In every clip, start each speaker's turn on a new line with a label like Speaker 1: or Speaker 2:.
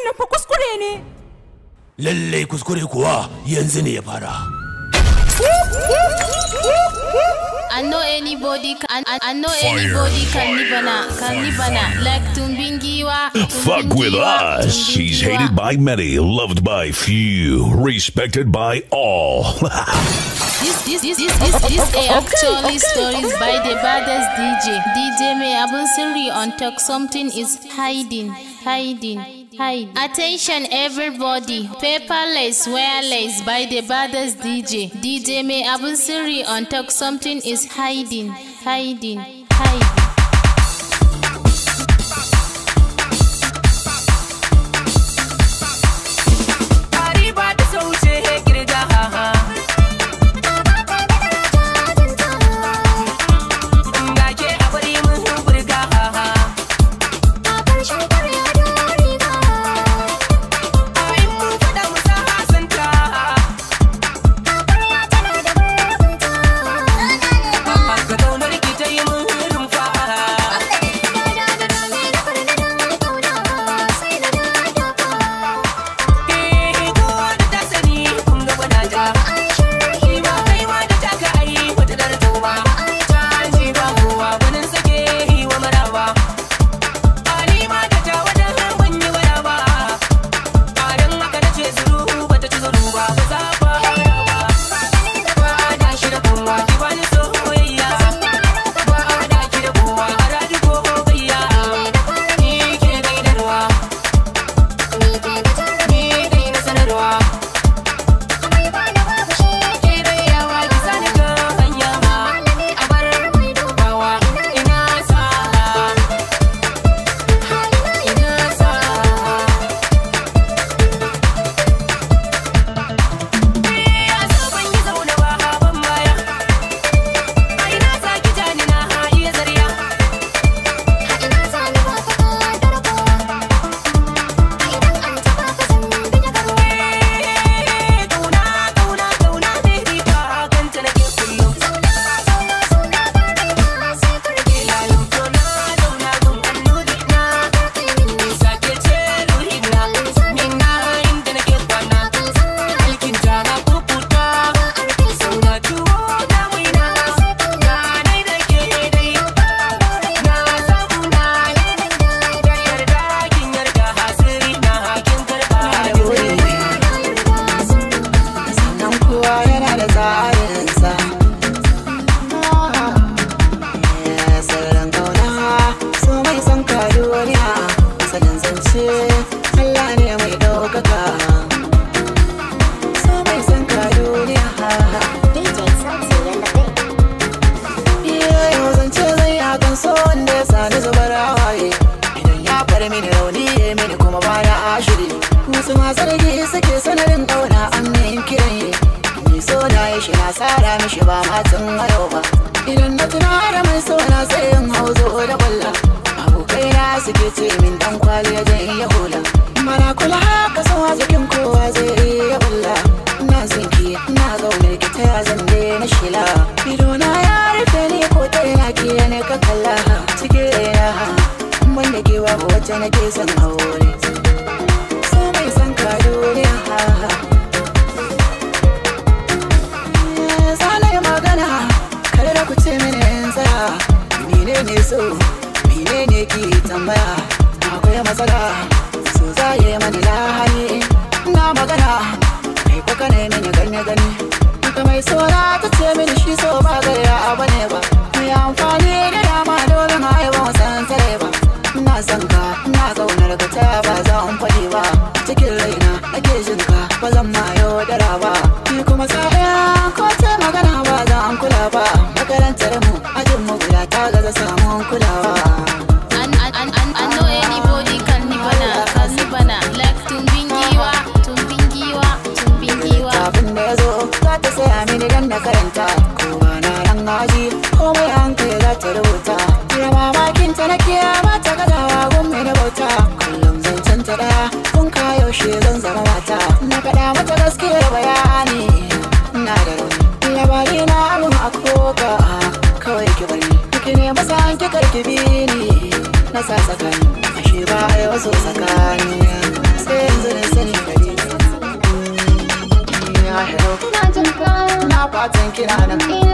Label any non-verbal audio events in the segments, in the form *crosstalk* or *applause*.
Speaker 1: wannan fa kuskure
Speaker 2: ne kuskure kuwa yanzu ne ya fara
Speaker 1: I know anybody can I, I know fire, anybody can can like Tumbingiwa. Fuck with us.
Speaker 2: She's hated by many, loved by few, respected by all. *laughs*
Speaker 1: this this this this this this okay, actually okay, stories okay. by the baddest DJ DJ May Abunsiri on talk something is hiding hiding. Attention everybody, paperless, wireless by the brothers DJ. DJ May Siri on talk something is hiding, hiding, hiding.
Speaker 3: of here.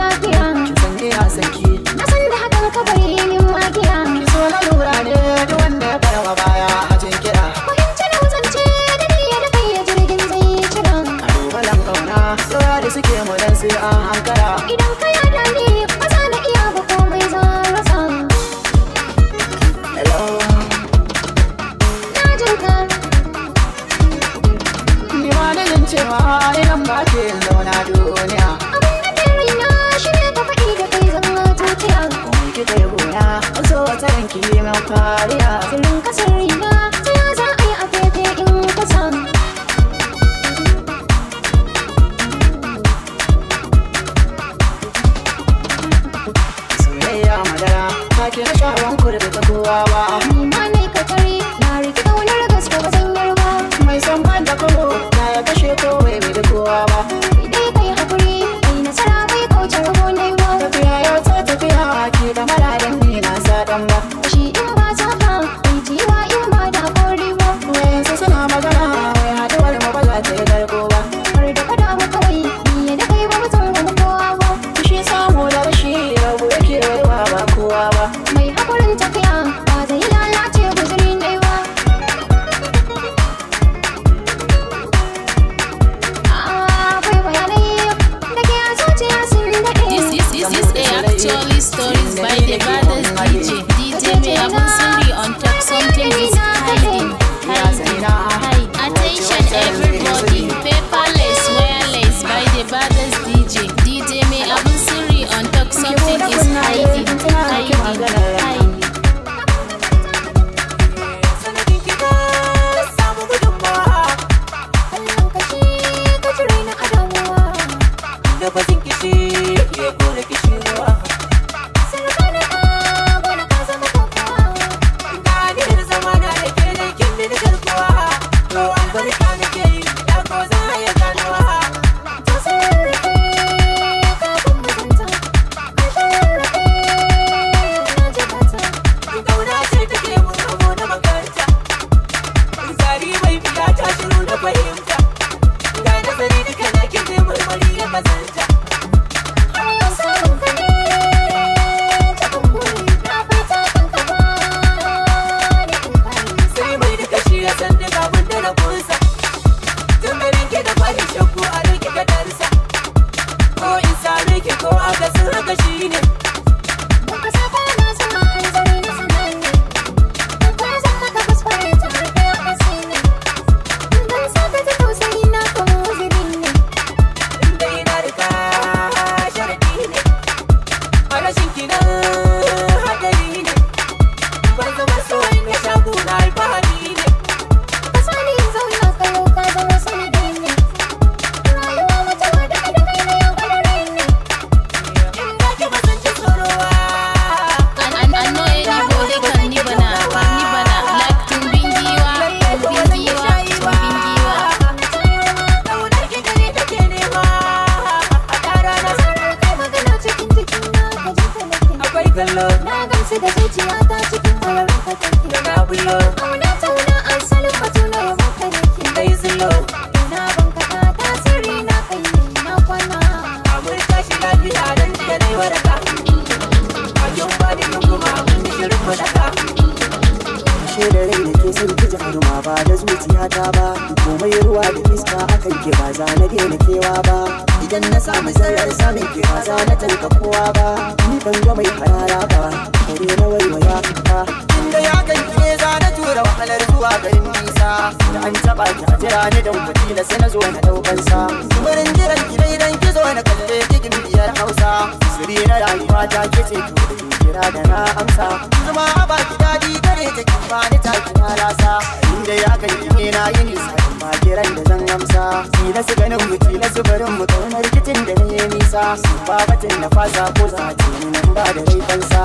Speaker 3: ke ba za na daina kewa ba idan na samu zarar samun ke ba za na tanka kowa ba ni ban ga mai karara ba kare na waiwaya ta inda ya ganki ne za na tura wahalar zuwa garin nisa da an taba ki a jira ni dan wakila sai na zo na daukan sa kumarin jiran ki dai dan ki zo na kalle ki biyar hausa siri na rayuwa ta ke ce ki kira da na amsa zuma a baki dadi kare ta ki ba ni ta ki rasa inda ya ganki ne na yi nisa ma kiran da zan amsa kila su ganin mu kila su barin mu kaunar rikicin da ne nisa ba batun na fasa ko za nan ba da rai fansa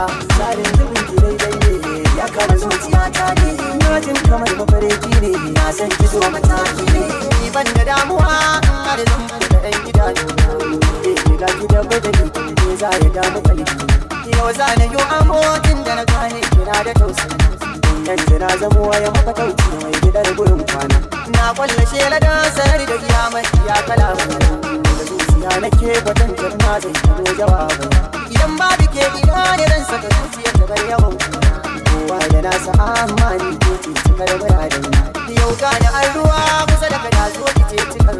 Speaker 3: halin zubin ki daidai ne ya kama zuciya ta ne na jin kamar mafarki ne na san ki mataki ne ni ban da damuwa har zan da ɗan gida ne ke gida da badali ne za ya damu kalbi yau za na yi da na gane kira da tausayi yanzu na zamo ya maka tauci mai gidar gurin kwana na kwallashe ladan sayar da kiyamai ya kalamu ya nake batun girma zai kiro jawabu idan babu ke ina ne zan saka zuciyar da bai yau kowa da nasa amani ko ce cikar biraden yau da an ruwa kusa da kada zo ki ce cikar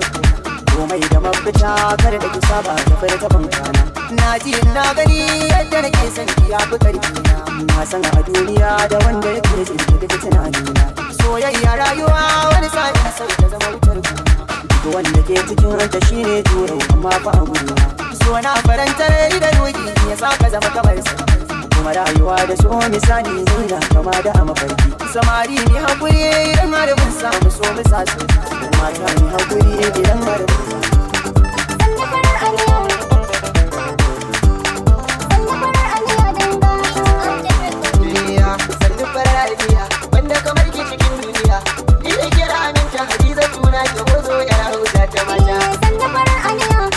Speaker 3: komai da mafita kar da kusa ba ta fara na ji na gani yadda nake son ki ya fi karfi na san a duniya da wanda yake jirgi da tunanina soyayya rayuwa wani sain na sauka zama wutar ku wanda ke cikin ranta shine juro amma fa a gudu so na faranta rai da doki ya saka zama kamar sa kuma rayuwa da so misali nuna kama da a mafarki samari ne hakuri idan har mun samu so mu mata ne hakuri idan har mun samu
Speaker 2: zan una ki gurzo da hausa ta mata.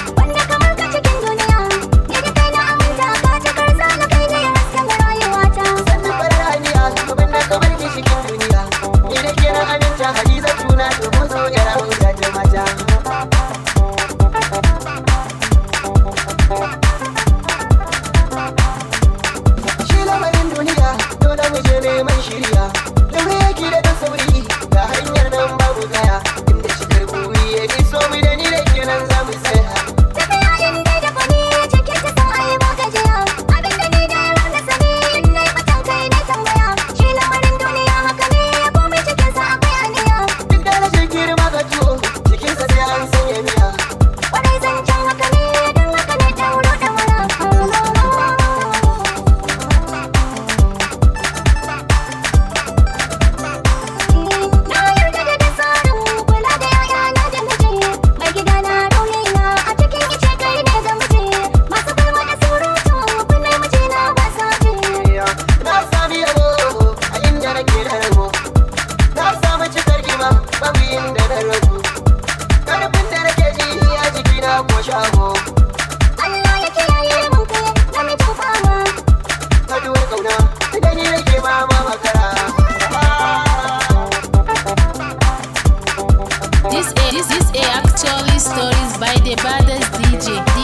Speaker 1: This is a actually stories by the baddest DJ.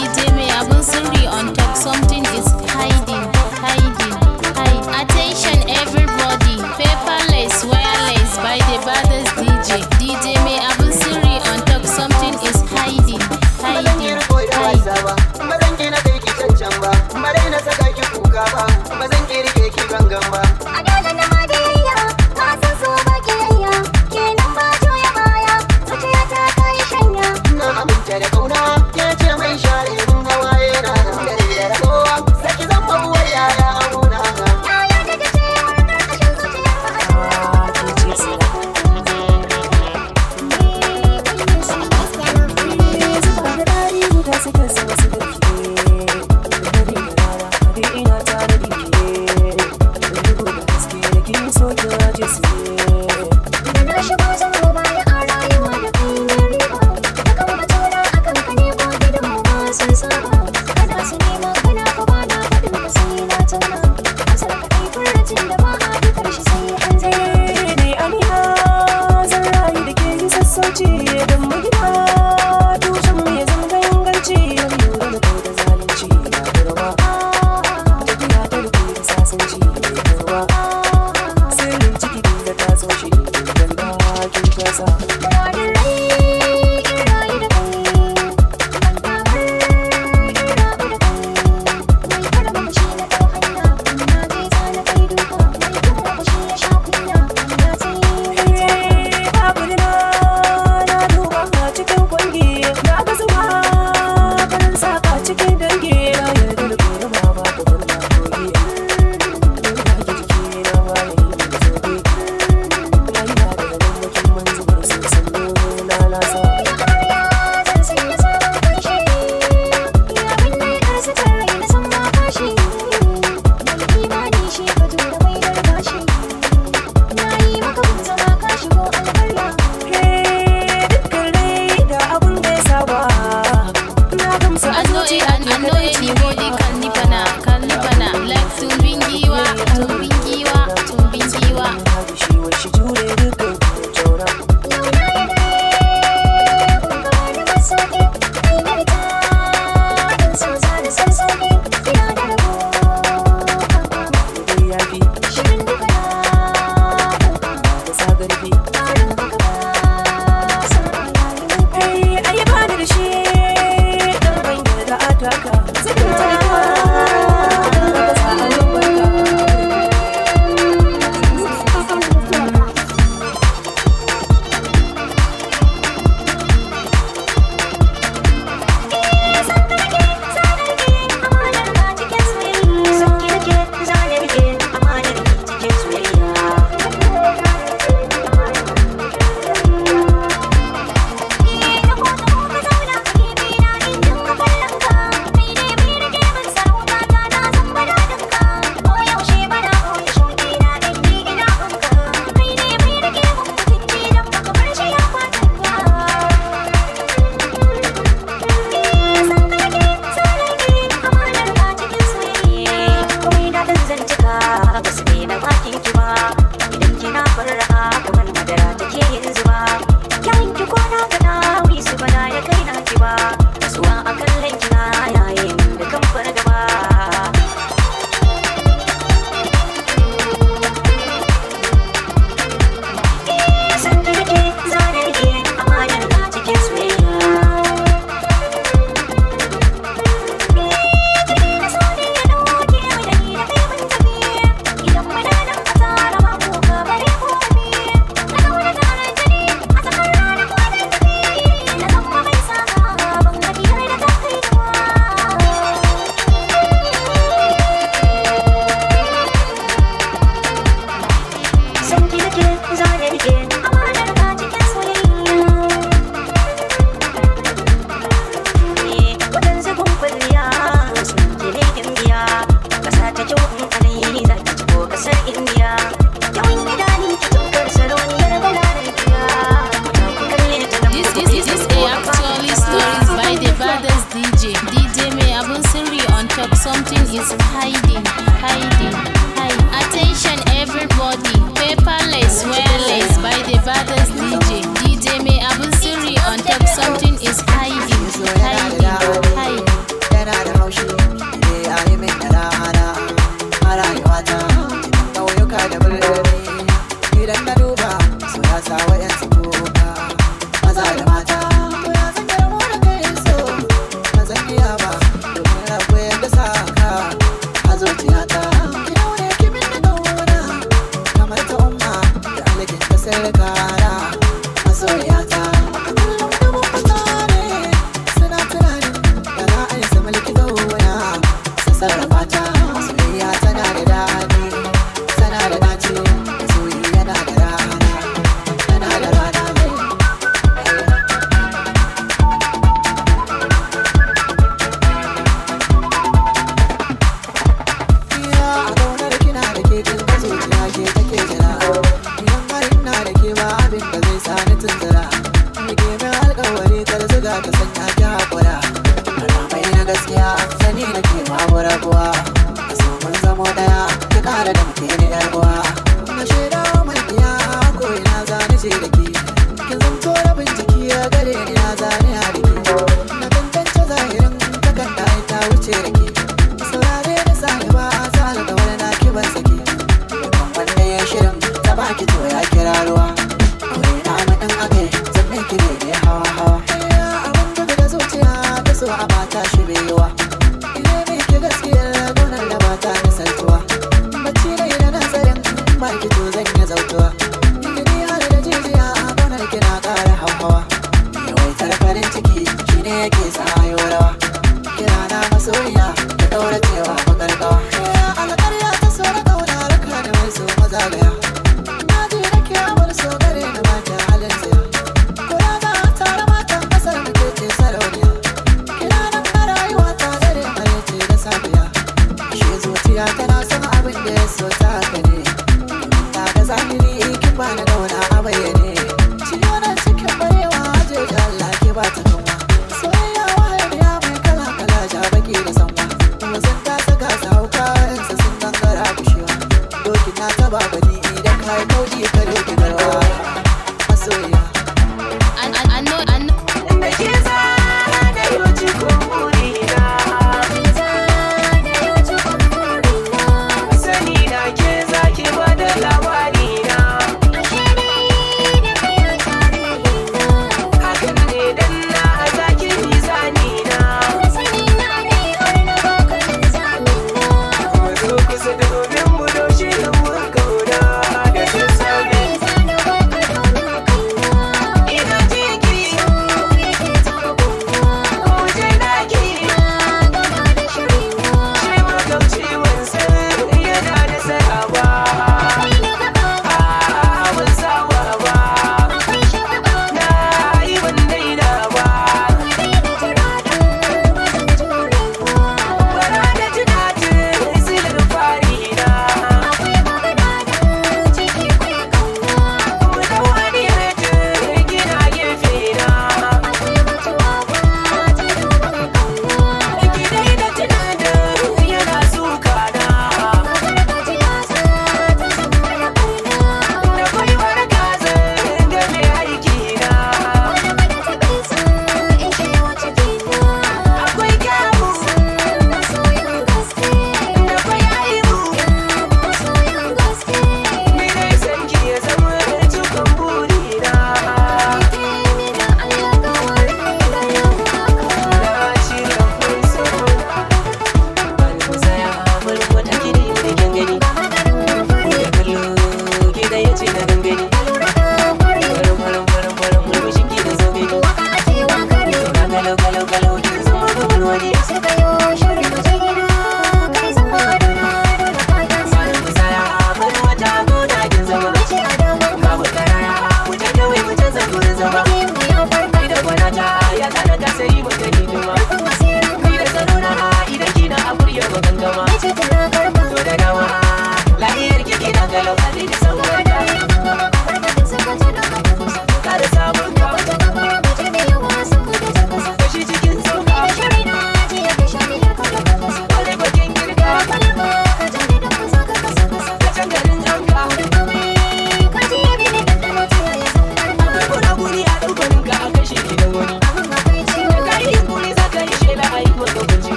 Speaker 2: sauci don mu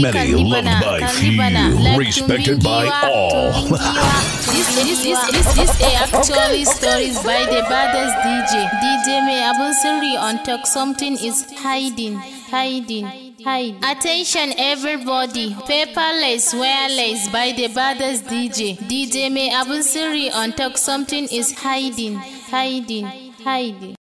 Speaker 2: many, loved by few, respected by all.
Speaker 1: this, this, this, this, this a actually stories by the baddest DJ. DJ May Abunsiri on talk something is hiding, hiding. hiding. Attention everybody. Paperless, wireless by the baddest DJ. DJ May Abunsiri on talk something is hiding, hiding, hiding.